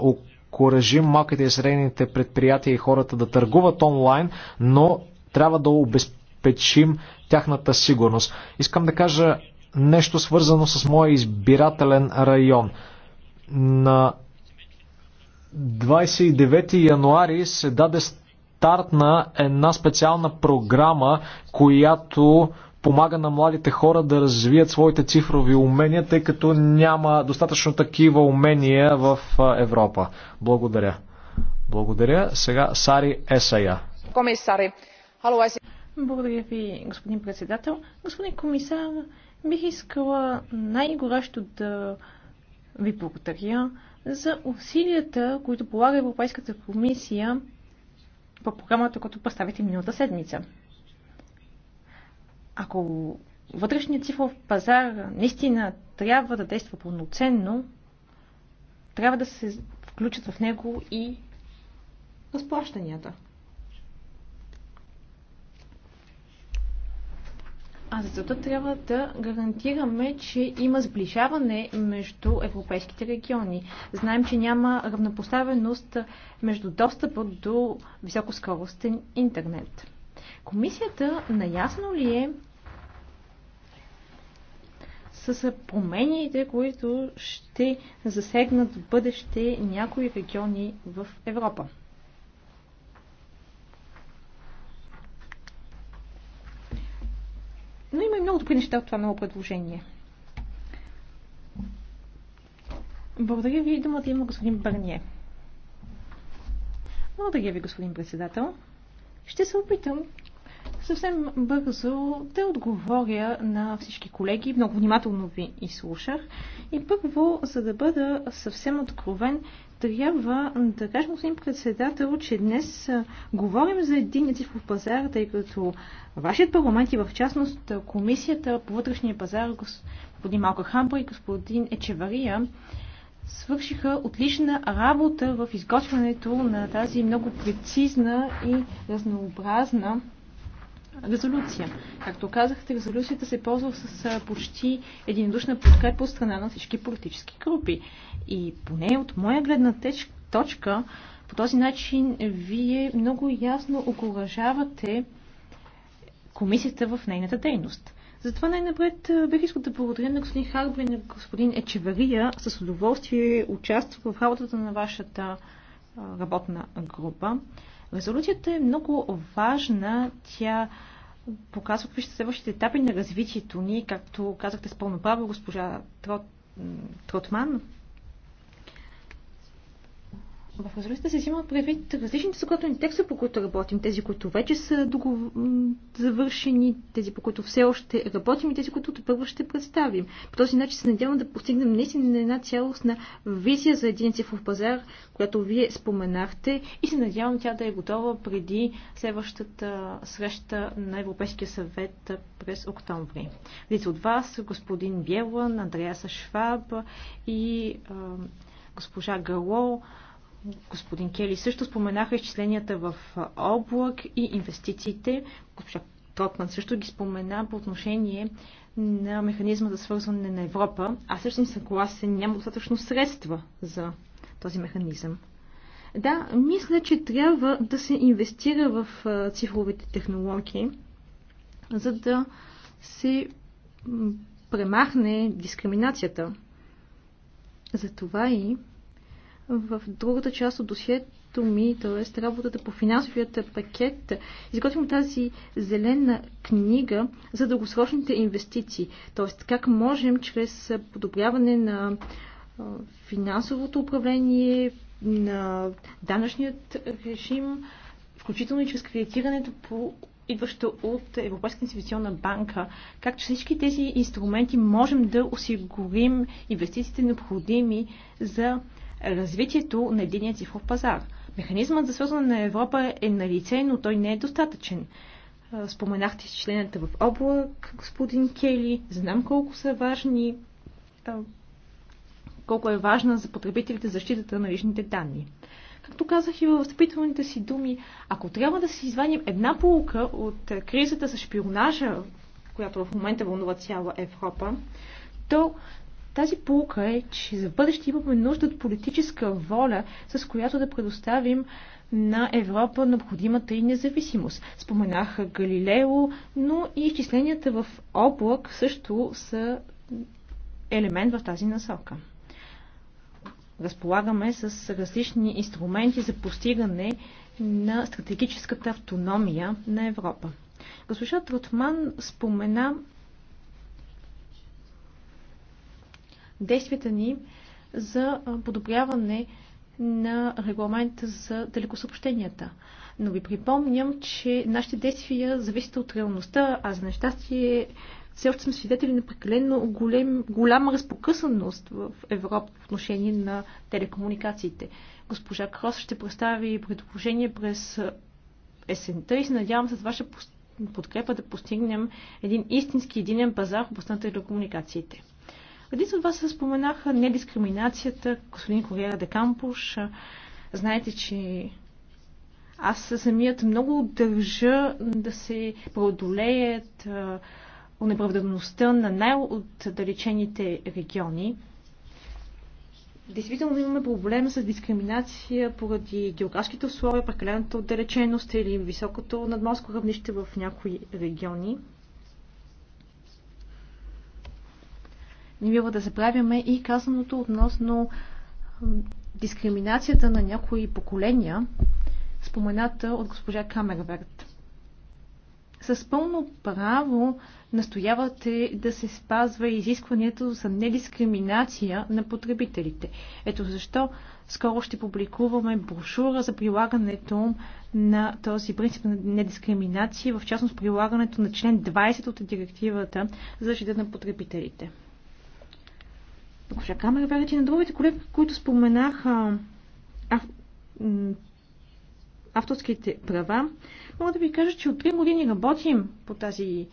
окоръжим малките и средните предприятия и хората да търгуват онлайн, но трябва да обезпечим тяхната сигурност. Искам да кажа нещо свързано с моя избирателен район. На 29 януари се даде старт на една специална програма, която помага на младите хора да развият своите цифрови умения, тъй като няма достатъчно такива умения в Европа. Благодаря. Благодаря. Сега Сари Есая. Комисари, Благодаря ви, господин председател. Господин комисар, бих искала най-горещо да ви благодаря за усилията, които полага Европейската комисия по програмата, която представите миналата седмица. Ако вътрешният цифров пазар наистина трябва да действа пълноценно, трябва да се включат в него и разплащанията. А за целта трябва да гарантираме, че има сближаване между европейските региони. Знаем, че няма равнопоставеност между достъпа до високоскоростен интернет. Комисията наясно ли е с промените, които ще засегнат в бъдеще някои региони в Европа? Но има и много добри неща от това ново предложение. Благодаря ви. Думата има господин Бърние. Благодаря ви, господин председател. Ще се опитам съвсем бързо да отговоря на всички колеги. Много внимателно ви изслушах. И първо, за да бъда съвсем откровен, трябва да кажем, господин председател, че днес говорим за един цифров пазар, тъй като вашият парламент и в частност комисията по вътрешния пазар, господин Малка Хамбър и господин Ечевария, свършиха отлична работа в изготвянето на тази много прецизна и разнообразна резолюция. Както казахте, резолюцията се ползва с почти единодушна подкрепа от страна на всички политически групи. И поне от моя гледна точка, по този начин вие много ясно окоръжавате комисията в нейната дейност. Затова най-напред бих искал да благодаря на господин Харбо и на господин Ечевария С удоволствие участвах в работата на вашата работна група. Резолюцията е много важна. Тя показва какви ще са следващите етапи на развитието ни, както казахте с пълно право госпожа Трот, Тротман. В резолюцията се взимат предвид различните съкратени текстове, по които работим. Тези, които вече са догов... завършени, тези, по които все още работим и тези, които първо ще представим. По този начин се надявам да постигнем наистина една цялостна визия за един цифров пазар, която вие споменахте и се надявам тя да е готова преди следващата среща на Европейския съвет през октомври. Лица от вас, господин Бьелан, Андреаса Шваб и госпожа Гало, господин Кели също споменаха изчисленията в облак и инвестициите. Госпожа Тотман също ги спомена по отношение на механизма за свързване на Европа. Аз също съм съгласен, няма достатъчно средства за този механизъм. Да, мисля, че трябва да се инвестира в цифровите технологии, за да се премахне дискриминацията. Затова и в другата част от досието ми, т.е. работата по финансовият пакет, изготвим тази зелена книга за дългосрочните инвестиции. Т.е. как можем чрез подобряване на финансовото управление, на данъчният режим, включително и чрез кредитирането по идващо от Европейска инвестиционна банка, как че всички тези инструменти можем да осигурим инвестициите необходими за развитието на единия цифров пазар. Механизмът за свързване на Европа е на лице, но той не е достатъчен. Споменахте членята в облак, господин Кели. Знам колко са важни, колко е важна за потребителите защитата на личните данни. Както казах и във встъпителните си думи, ако трябва да си извадим една полука от кризата с шпионажа, която в момента вълнува цяла Европа, то тази полука е, че за бъдеще имаме нужда от политическа воля, с която да предоставим на Европа необходимата и независимост. Споменаха Галилео, но и изчисленията в облак също са елемент в тази насока. Разполагаме с различни инструменти за постигане на стратегическата автономия на Европа. Госпожа Тротман спомена действията ни за подобряване на регламента за далекосъобщенията. Но ви припомням, че нашите действия зависят от реалността, а за нещастие все още сме свидетели на прекалено голем, голяма разпокъсаност в Европа по отношение на телекомуникациите. Госпожа Крос ще представи предложение през есента и се надявам с ваша подкрепа да постигнем един истински единен пазар в областта на телекомуникациите. Преди от вас се споменаха недискриминацията, господин Ковиера де Кампуш. Знаете, че аз самият много държа да се преодолеят неправдаността на най-отдалечените региони. Действително имаме проблем с дискриминация поради географските условия, прекалената отдалеченост или високото надморско равнище в някои региони. Не бива да забравяме и казаното относно дискриминацията на някои поколения, спомената от госпожа Камерверт. С пълно право настоявате да се спазва изискването за недискриминация на потребителите. Ето защо скоро ще публикуваме брошура за прилагането на този принцип на недискриминация, в частност прилагането на член 20 от директивата за защита на потребителите. Госпожа Камера, че на другите колеги, които споменаха ав... авторските права, мога да ви кажа, че от 3 години работим по тази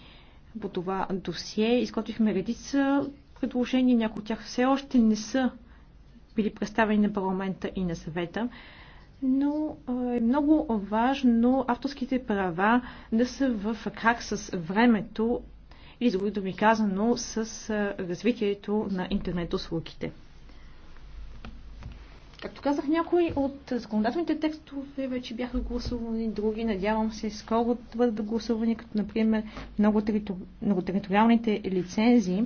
по това досие. Изготвихме редица предложения, някои от тях все още не са били представени на парламента и на съвета. Но е много важно авторските права да са в крак с времето или с ми казано с развитието на интернет услугите. Както казах, някои от законодателните текстове вече бяха гласувани, други, надявам се, скоро да бъдат гласувани, като например многотериториалните лицензии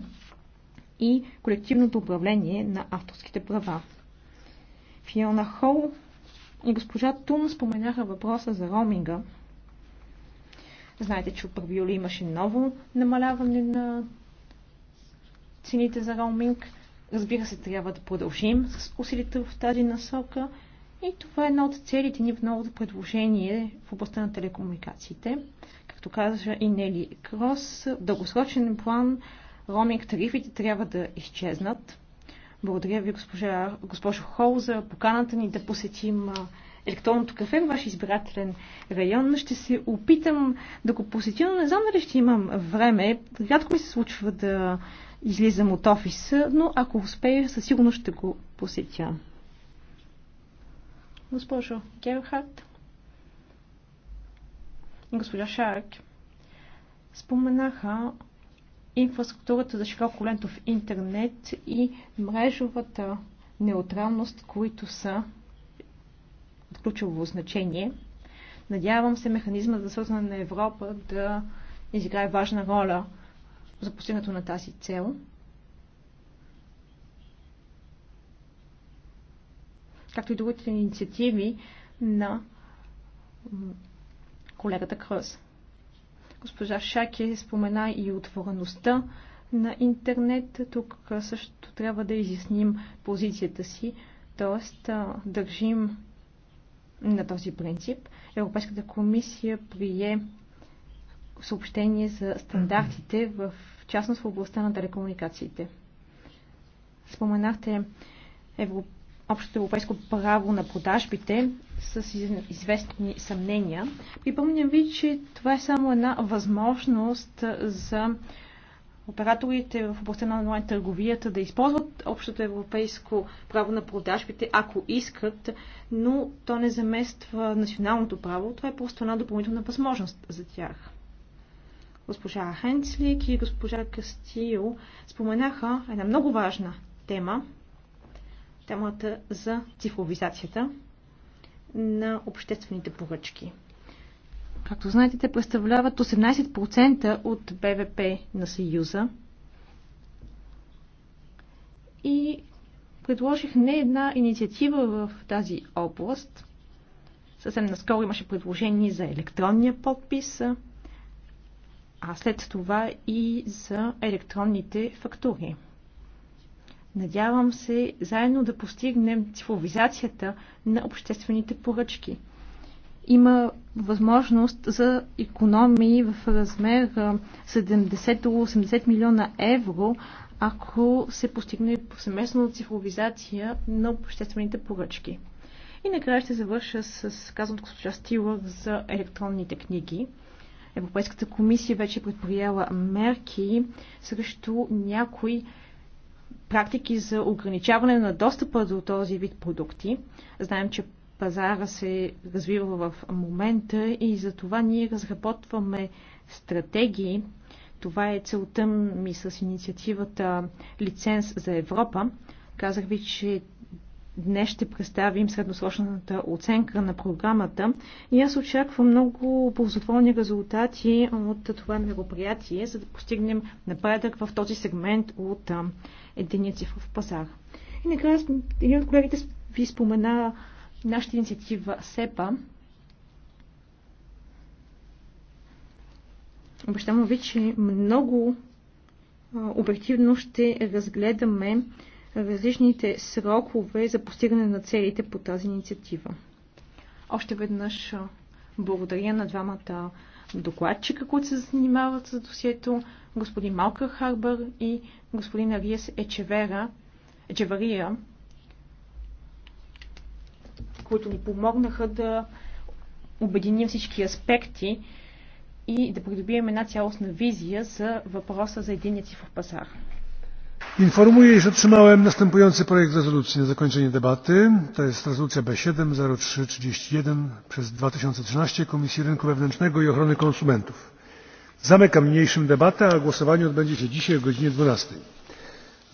и колективното управление на авторските права. Фиона Хол и госпожа Тун споменаха въпроса за роминга. Знаете, че от 1 юли имаше ново намаляване на цените за роуминг. Разбира се, трябва да продължим с усилите в тази насока. И това е едно от целите ни в новото предложение в областта на телекомуникациите. Както каза и Нели Крос, в дългосрочен план роуминг тарифите трябва да изчезнат. Благодаря ви, госпожа, госпожо Хол, за поканата ни да посетим електронното кафе във ваш избирателен район. Ще се опитам да го посетя, но не знам дали ще имам време. Рядко ми се случва да излизам от офиса, но ако успея, със сигурност ще го посетя. Госпожо Герхард госпожа Шарк споменаха инфраструктурата за широко лентов интернет и мрежовата неутралност, които са ключово значение. Надявам се механизма за свързване на Европа да изиграе важна роля за постигането на тази цел. Както и другите инициативи на колегата Кръс. Госпожа Шаки спомена и отвореността на интернет. Тук също трябва да изясним позицията си, т.е. държим на този принцип. Европейската комисия прие съобщение за стандартите в частност в областта на телекомуникациите. Споменахте евро... общото европейско право на продажбите с известни съмнения. Припомням ви, че това е само една възможност за операторите в областта на онлайн търговията да използват общото европейско право на продажбите, ако искат, но то не замества националното право. Това е просто една допълнителна възможност за тях. Госпожа Хенцлик и госпожа Кастил споменаха една много важна тема, темата за цифровизацията на обществените поръчки. Както знаете, те представляват 18% от БВП на Съюза. И предложих не една инициатива в тази област. Съвсем наскоро имаше предложение за електронния подпис, а след това и за електронните фактури. Надявам се заедно да постигнем цифровизацията на обществените поръчки има възможност за економии в размер 70-80 милиона евро, ако се постигне повсеместно цифровизация на обществените поръчки. И накрая ще завърша с казаното госпожа Стилър за електронните книги. Европейската комисия вече е предприела мерки срещу някои практики за ограничаване на достъпа до този вид продукти. Знаем, че пазара се развива в момента и за това ние разработваме стратегии. Това е целта ми с инициативата Лиценз за Европа. Казах ви, че днес ще представим средносрочната оценка на програмата и аз очаквам много ползотворни резултати от това мероприятие, за да постигнем напредък в този сегмент от единици в пазар. И накрая един от колегите ви спомена нашата инициатива СЕПА. Обещавам ви, че много обективно ще разгледаме различните срокове за постигане на целите по тази инициатива. Още веднъж благодаря на двамата докладчика, които се занимават с досието, господин Малка Харбър и господин Ариес Ечевера, Ечевария, които ни помогнаха да обединим всички аспекти и да придобием една цялостна визия за въпроса за единия цифров пазар. Informuję, iż otrzymałem następujący projekt rezolucji na zakończenie debaty. To jest rezolucja B7-0331 przez 2013 Komisji Rynku Wewnętrznego i Ochrony Konsumentów. Zamykam mniejszym debatę, a głosowanie odbędzie się dzisiaj o godzinie 12.